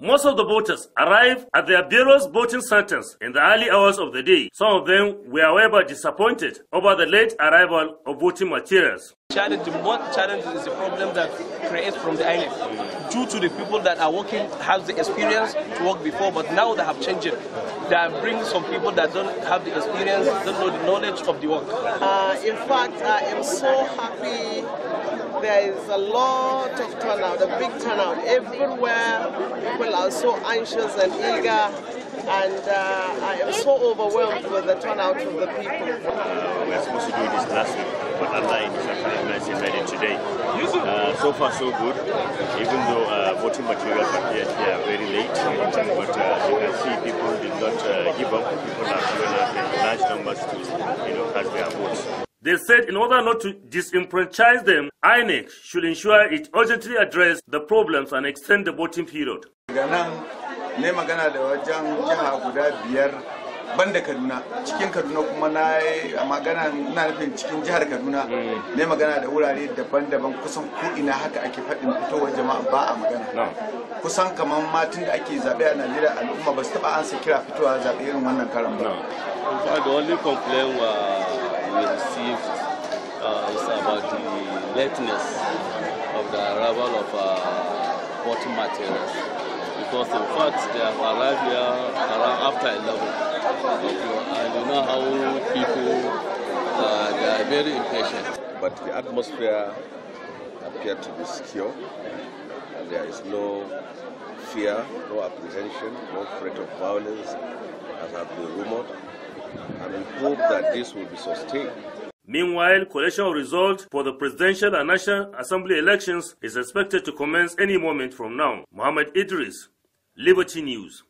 Most of the voters arrived at their bureau's voting centers in the early hours of the day. Some of them were however disappointed over the late arrival of voting materials. Challenge, one challenge is the problem that creates from the island. Due to the people that are working have the experience to work before, but now they have changed it. They are bringing some people that don't have the experience, don't know the knowledge of the work. Uh, in fact, I am so happy there is a lot of turnout, a big turnout everywhere. People are so anxious and eager and uh, I am so overwhelmed with the turnout of the people. We are supposed to do this last week but other initiatives decided today. Uh, so far, so good, even though uh, voting materials appeared here very late. But uh, you can see people did not uh, give up. People have given up in large numbers to you know, cast their votes. They said in order not to disenfranchise them, INEC should ensure it urgently address the problems and extend the voting period. banda kaduna cikin kaduna kuma na yi magana na nufin cikin jihar kaduna ne magana da wurare daban-daban kusan ko'ina haka ake faɗin fitowar jama'a ba a magana kusan kamar matin da ake zaɓe a najeriya al'umma ba su taɓa ansa kira fitowa zaɓe irin wannan karan ba. Uh, the only complaint we of the arrival of uh, voting because in fact they have arrived here around after 11 and you know how people uh, they are very impatient. But the atmosphere appeared to be secure and there is no fear, no apprehension, no threat of violence as has been rumored and we hope that this will be sustained. Meanwhile, collection of results for the presidential and national assembly elections is expected to commence any moment from now. Mohammed Idris, Liberty News.